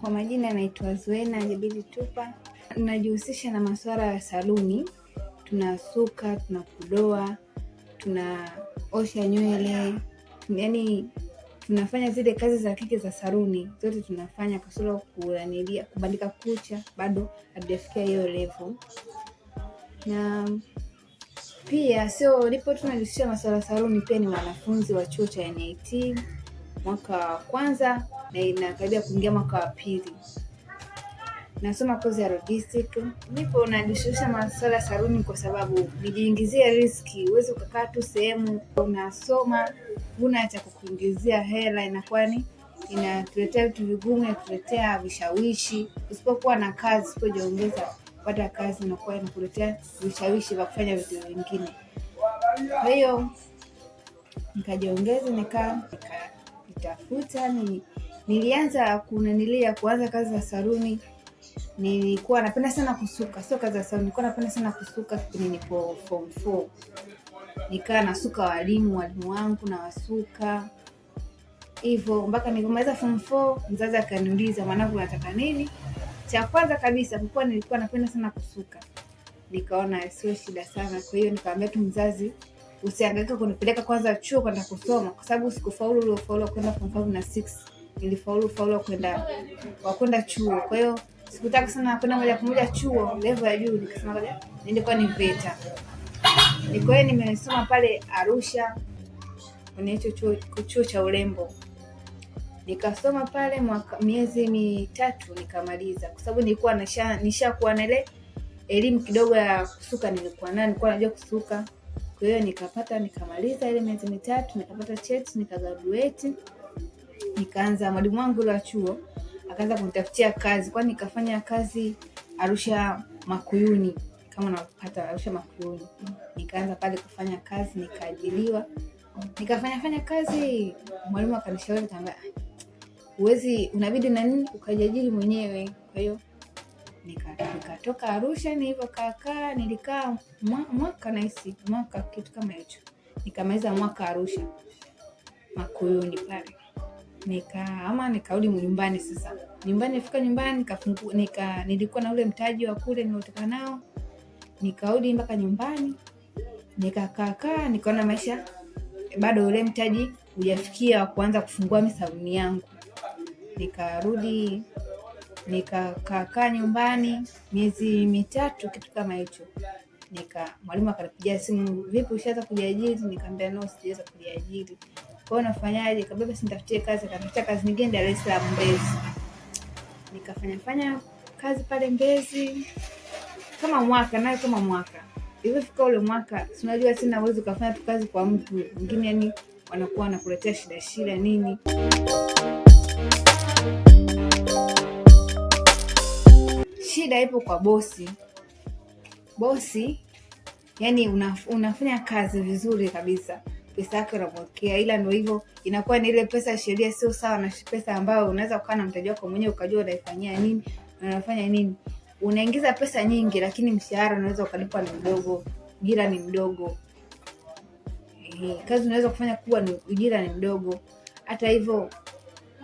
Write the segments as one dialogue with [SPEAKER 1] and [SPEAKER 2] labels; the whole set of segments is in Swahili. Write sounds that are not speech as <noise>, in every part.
[SPEAKER 1] Kwa majina naitwa Zuena Jabili Tupa, najihusisha na masuala ya saluni. Tunasuka, tunakudoa, tunaosha nywele, yaani tunafanya zile kazi za kike za saluni zote tunafanya, sababu kulanilia kubandika kucha, bado hatujafikia hiyo level. Na pia sio lipo tunajihusisha najihusisha masuala ya saluni, pia ni wanafunzi wa chuo cha NIT mwaka wa kwanza na inakaribia kuingia mwaka wa pili. Nasoma kozi ya logistic, Nipo najishughulisha masuala ya saluni kwa sababu nijiingizie riski. Uweze ukakaa tu sehemu unasoma huna cha kukuingizia hela, inakuwa ni inatuletea vitu vigumu, inatuletea vishawishi. Usipokuwa na kazi, usipojiongeza kupata kazi, inakuwa inakuletea vishawishi vya kufanya vitu vingine. Kwa hiyo nikajiongeza nika kujitafuta nini. Nilianza kunanilia kuanza kazi za saluni, nilikuwa napenda sana kusuka, sio kazi za saluni, nilikuwa napenda sana kusuka kipindi nipo form four, nikaa nasuka walimu walimu wangu na wasuka hivyo mpaka nilipomaliza form four, mzazi akaniuliza mwanangu, unataka nini? Cha kwanza kabisa kwa nilikuwa napenda sana kusuka, nikaona sio shida sana, kwa hiyo nikamwambia tu mzazi usiangaika kunipeleka kwanza chuo kwenda kusoma, kwa sababu sikufaulu uliofaulu kwenda form five na six, nilifaulu ufaulu wa kwenda wa kwenda chuo. Kwa hiyo sikutaka sana kwenda moja kwa moja chuo level ya juu, nikasema kaja niende kwa NIVETA. Niko yeye nimesoma pale Arusha kwenye hicho chuo, chuo cha urembo nikasoma pale mwaka miezi mitatu nikamaliza, kwa sababu nilikuwa nishakuwa na ile elimu kidogo ya kusuka, nilikuwa nayo, nilikuwa najua kusuka kwa hiyo nikapata nikamaliza ile miezi mitatu, nikapata cheti, nikagraduate, nikaanza. Mwalimu wangu wa chuo akaanza kunitafutia kazi, kwani nikafanya kazi Arusha Makuyuni kama napata Arusha Makuyuni. Nikaanza pale kufanya kazi, nikaajiriwa, nikafanya fanya kazi. Mwalimu akanishauri, ah, uwezi unabidi na nini ukajiajiri mwenyewe. Kwa hiyo nikatoka Arusha, nilivyokaakaa nilikaa mwaka nahisi mwaka kitu kama hicho, nikamaliza mwaka Arusha Makuyuni pale ama nikarudi nyumbani. Sasa nyumbani, nifika nyumbani nikafungu, nika, nilikuwa na ule mtaji wa kule niliotoka nao, nikarudi mpaka nyumbani nikakaakaa, nikaona maisha bado ule mtaji hujafikia wa kuanza kufungua misauni yangu, nikarudi nikakaakaa nyumbani miezi mitatu, kitu kama hicho. Nika mwalimu akanipigia simu, vipi, ushaweza kujiajiri? Nikaambia no, sijaweza kujiajiri. Kwa hiyo nafanyaje? Kabla sinitafutie kazi, akanifutia kazi nyingine Dar es Salaam, Mbezi. Nikafanya fanya kazi pale Mbezi kama mwaka nayo kama mwaka ilivyofika ule mwaka, unajua sina uwezo ukafanya tu kazi kwa mtu mwingine, yani wanakuwa wanakuletea shida shida nini shida ipo kwa bosi. Bosi yani unaf, unafanya kazi vizuri kabisa, pesa yake unapokea, ila ndo hivyo, inakuwa ni ile pesa sheria, sio sawa na pesa ambayo unaweza kukaa na mteja wako mwenyewe ukajua unaifanyia nini unafanya nini. Unaingiza pesa nyingi, lakini mshahara unaweza ukalipwa ni mdogo, ujira ni mdogo, kazi unaweza kufanya kubwa, ni ujira ni mdogo. Hata hivyo,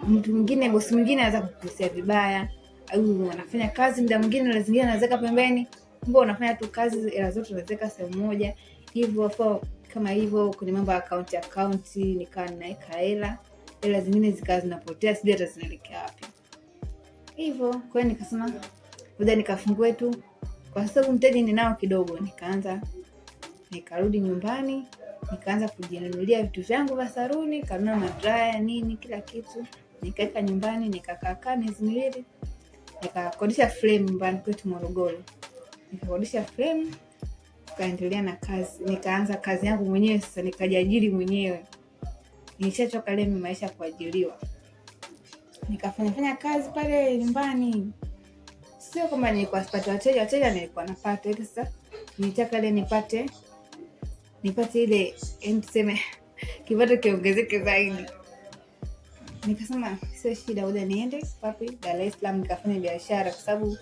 [SPEAKER 1] mtu mwingine, bosi mwingine anaweza kukusia vibaya au anafanya kazi mda mwingine, na zingine anaweka pembeni, kumbe unafanya tu kazi, hela zote unaweka sehemu moja hivyo hapo. Kama hivyo kwenye mambo ya akaunti akaunti, nikawa ninaweka hela, hela zingine zikawa zinapotea, sijui hata zinaelekea wapi. Hivyo kwa hiyo nikasema ngoja nikafungue tu, kwa sababu mteja ninao kidogo. Nikaanza nikarudi nyumbani, nikaanza kujinunulia vitu vyangu vya saruni, kanunua madraya nini, kila kitu nikaweka nyumbani, nikakaa miezi miwili nikakodisha frame nyumbani kwetu Morogoro, nikakodisha frame tukaendelea na kazi, nikaanza kazi yangu mwenyewe. Sasa nikajiajiri mwenyewe, nishachoka ile maisha kuajiriwa. Nikafanyafanya kazi pale nyumbani, sio kwamba nilikuwa sipati wateja, wateja nilikuwa napata, ila sasa nilitaka ile nipate nipate ile, tuseme <laughs> kipato kiongezeke zaidi nikasema sio shida, oda niende wapi, Dar es Salaam nikafanya biashara, kwa sababu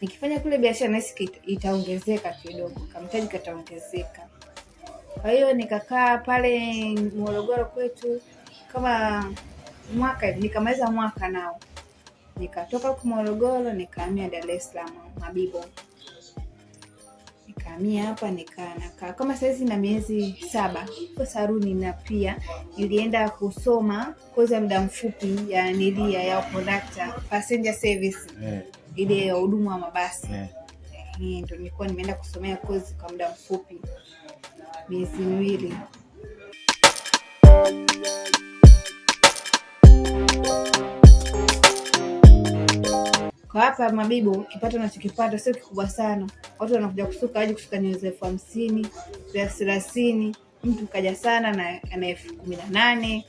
[SPEAKER 1] nikifanya kule biashara nahisi itaongezeka kidogo, kamtaji kataongezeka. Kwa hiyo nikakaa pale Morogoro kwetu kama mwaka, nikamaliza mwaka nao nikatoka huko Morogoro nikahamia Dar es Salaam Mabibo nimekaa hapa nikaa nakaa kama sahizi na miezi saba kwa saruni, na pia nilienda kusoma kozi ya muda mfupi ya nilia ya conductor passenger service yeah. ile ya huduma wa mabasi yeah. E, ndo nilikuwa nimeenda kusomea kozi kwa muda mfupi miezi miwili kwa hapa Mabibo, kipato unachokipata sio kikubwa sana. Watu wanakuja kusuka waje kusuka nywele za elfu hamsini za elfu thelathini mtu kaja sana na ana elfu kumi na nane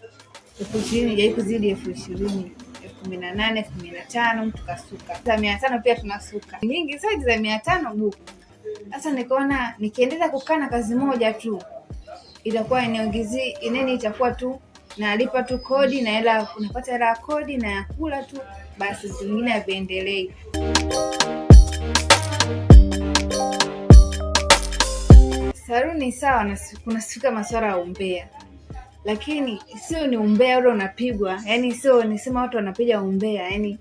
[SPEAKER 1] elfu ishirini jai kuzidi elfu ishirini elfu kumi na nane elfu kumi na tano mtu kasuka za mia tano pia tunasuka nyingi zaidi za mia tano buku. Sasa nikaona nikiendelea kukaa na kazi moja tu itakuwa inaniongezea ineni, itakuwa tu nalipa tu kodi na hela, unapata hela ya kodi na ya kula tu basi vingine haviendelei. Saruni sawa, kunasifika masuala ya umbea, lakini sio ni umbea ule unapigwa, yani sio nisema watu wanapiga umbea, yani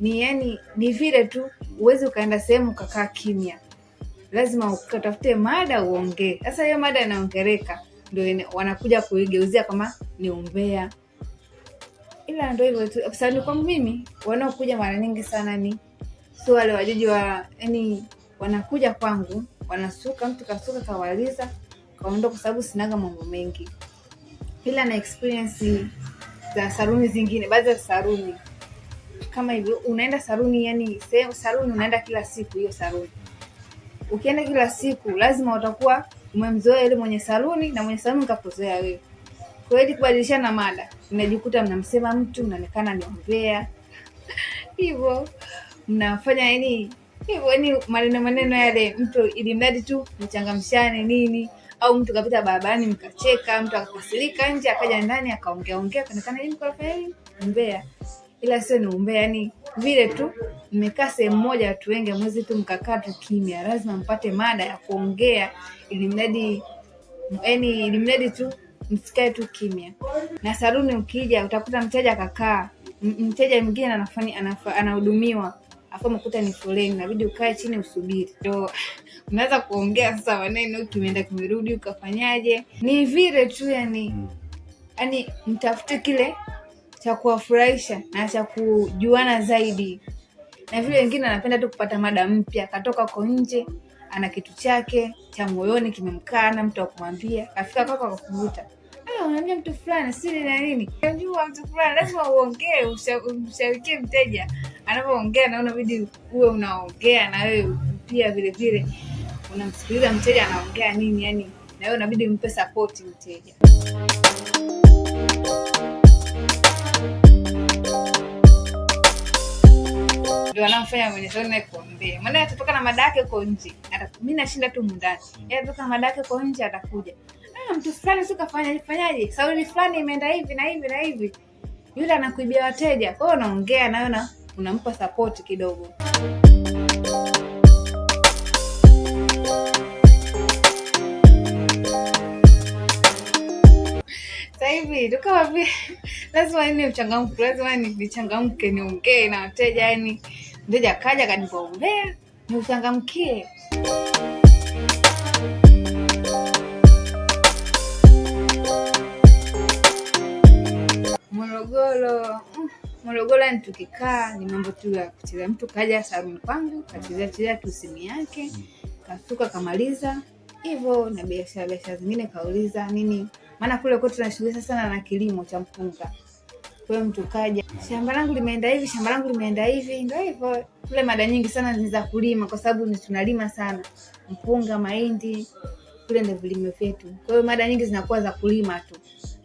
[SPEAKER 1] ni yani ni vile tu, huwezi ukaenda sehemu ukakaa kimya, lazima ukatafute mada uongee. Sasa hiyo mada inaongereka, ndio wanakuja kuigeuzia kama ni umbea ila ndo hivyo tu. Afisani kwangu mimi wanaokuja mara nyingi sana ni sio wale wajiji wa yani, wanakuja kwangu wanasuka, mtu kasuka kawaliza kaondoka, kwa sababu sinaga mambo mengi, ila na experience za saruni zingine, baadhi ya saruni kama hivyo, unaenda saruni yani sehemu saruni unaenda kila siku hiyo saruni. Ukienda kila siku, lazima utakuwa umemzoea ile mwenye saruni na mwenye saruni kakuzoea wewe kwa hiyo ili kubadilishana mada, mnajikuta mnamsema mtu, mnaonekana ni umbea <laughs> hivyo, mnafanya yani hivyo, yani maneno maneno yale, mtu ili mradi tu mchangamshane nini au mtu kapita barabarani mkacheka, mtu akakasirika nje akaja ndani akaongea ongea kaonekana ili mkafanya Ila sio ni umbea, yani vile tu mmekaa sehemu moja, watu wengi mwezi tu mkakaa tu kimya, lazima mpate mada ya kuongea, ili mradi yani ili mradi tu msikae tu kimya. Na saluni ukija utakuta mteja akakaa, mteja mwingine anafanya anahudumiwa, afu umekuta ni foleni, inabidi ukae chini usubiri, ndio unaweza kuongea sasa maneno, kimeenda kimerudi, ukafanyaje? Ni vile tu yani, mm. yani mtafute kile cha kuwafurahisha na cha kujuana zaidi. Na vile wengine anapenda tu kupata mada mpya, katoka huko nje ana kitu chake cha moyoni kimemkana, mtu mtu kumwambia, afika kwako akakuvuta unamwambia mtu fulani siri na nini, unajua mtu fulani lazima uongee, ushawikie mteja anapoongea, na unabidi uwe unaongea na wewe pia vile vile unamsikiliza mteja anaongea nini, yani na wewe unabidi umpe sapoti mteja. ndio anamfanya mwenye sauni naye kuombea. Maana atatoka na mada yake uko nje, mimi nashinda tu mundani, yeye atatoka na mada yake uko nje, atakuja bwana, ah, mtu fulani si kafanya fanyaje, fulani imeenda hivi na hivi na hivi, yule anakuibia wateja. Kwa hiyo unaongea nayo na unampa sapoti kidogo. Hivi tukawa vile lazima ni mchangamke, lazima nichangamke, niongee na wateja. Yani mteja akaja ni niuchangamkie. Morogoro mm, Morogoro, ni tukikaa ni mambo tu ya kucheza. Mtu kaja saluni kwangu kachezea chezea tu simu yake kasuka kamaliza hivyo, na biashara biashara zingine kauliza nini, maana kule kwetu tunashughulika sana na kilimo cha mpunga. Kwa hiyo mtu kaja, shamba langu limeenda hivi, shamba langu limeenda hivi, ndio hivyo. Kule mada nyingi sana ni za kulima, kwa sababu tunalima sana mpunga, mahindi kule ndio vilimo vyetu. Kwa hiyo mada nyingi zinakuwa za kulima tu.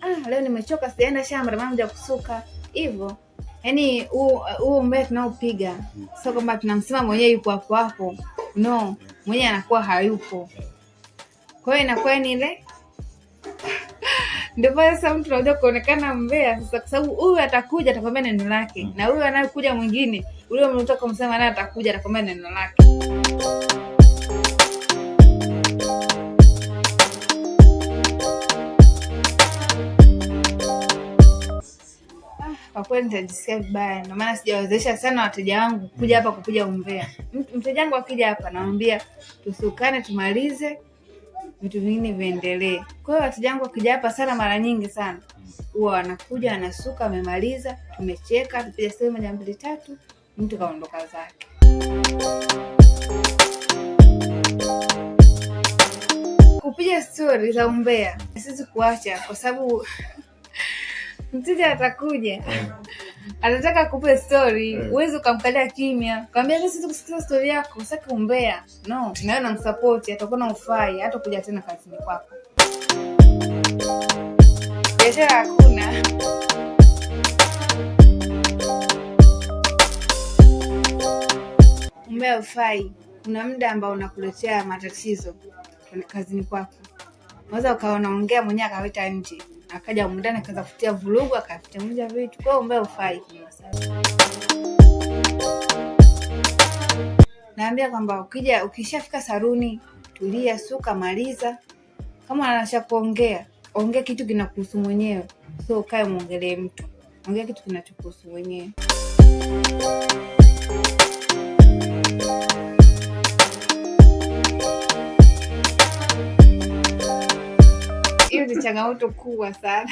[SPEAKER 1] Ah, leo nimechoka sijaenda shamba na mama kusuka. Hivyo. Yaani huu mbea tunaopiga sio kwamba tunamsema mwenyewe yupo hapo hapo. No, mwenyewe anakuwa hayupo. Kwa hiyo inakuwa ni ile <laughs> ndio pale sasa mtu anakuja kuonekana mbea sasa, kwa sababu huyu atakuja atakwambia neno lake, na huyu anayekuja mwingine, ule mtoka naye atakuja atakwambia neno lake. kweli nitajisikia vibaya. Ndio maana sijawezesha sana wateja wangu kuja hapa kupiga umbea. Mteja wangu akija hapa, namwambia tusukane, tumalize vitu vingine viendelee. Kwa hiyo wateja wangu wakija hapa sana, mara nyingi sana huwa wanakuja wanasuka, wamemaliza, tumecheka, tupiga stori moja mbili tatu, mtu kaondoka zake. Kupiga stori za umbea, sizi kuacha kwa sababu mteja atakuja mm. anataka kupe stori, mm. uwezi ukamkalia kimya, kaambia mimi kusikiza stori yako, saki umbea no, nawe namsapoti, atakuwa na ufai hata kuja tena kazini kwako, biashara hakuna umbea ufai. Kuna muda ambao unakuletea matatizo kazini kwako, unaweza ukawa mwenyewe akaweta nje akaja mundani akaanza kutia vurugu, akatengeneza vitu kwao mbaya, ufai naambia kwamba ukija ukishafika saruni, tulia, suka, maliza. Kama anasha kuongea ongea kitu kinakuhusu mwenyewe, so ukae mwongelee mtu, ongea kitu kinachokuhusu mwenyewe. changamoto kubwa sana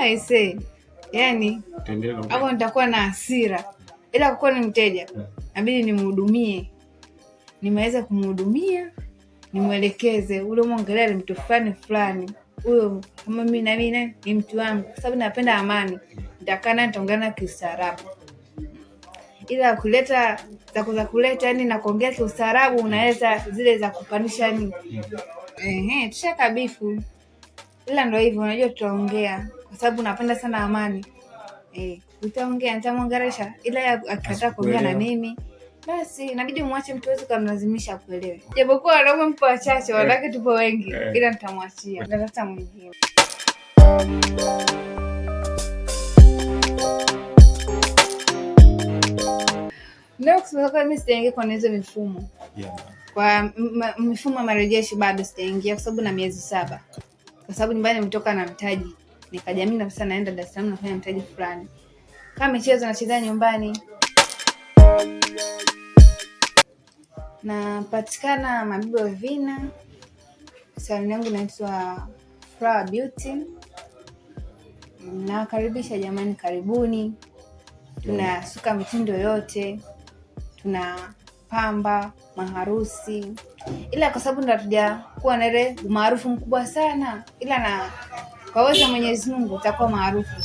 [SPEAKER 1] aise, <laughs> yani hapo nitakuwa na hasira, ila kwa ni mteja hmm. nabidi nimhudumie. Nimeweza kumhudumia, nimwelekeze ule mwongelea ni mtu fulani fulani, huyo kama mimi na mimi ni mtu wangu, kwa sababu napenda amani, nitakana nitaungana kiustaarabu ila kuleta za kuleta yani na kuongea kiustaarabu, unaweza zile za kupanisha yani Ehe, tusha kabifu, ila ndo hivyo, unajua tutaongea kwa sababu napenda sana amani e, utaongea nitamwongeresha, ila akikataa kuongea na mimi basi inabidi umwache mtu wezi kamlazimisha akuelewe, japokuwa wanaume mpo wachache, wanawake tupo wengi, eh. ila nitamwachia, natafuta mwingine Leo kusema kweli mimi sijaingia kwenye hizo mifumo Kwa mifumo ya marejesho bado sijaingia, kwa sababu na miezi saba, kwa sababu nyumbani nimetoka na mtaji, nikajamini, na sasa naenda Dar es Salaam nafanya mtaji fulani, kama michezo nachezea nyumbani, napatikana Mabibo Vina. Saluni yangu inaitwa Flower Beauty. Nawakaribisha jamani, karibuni, tunasuka mitindo yote pamba maharusi, ila kwa sababu ndo kuwa na ile umaarufu mkubwa sana, ila na kwa uwezo wa Mwenyezi Mungu utakuwa maarufu.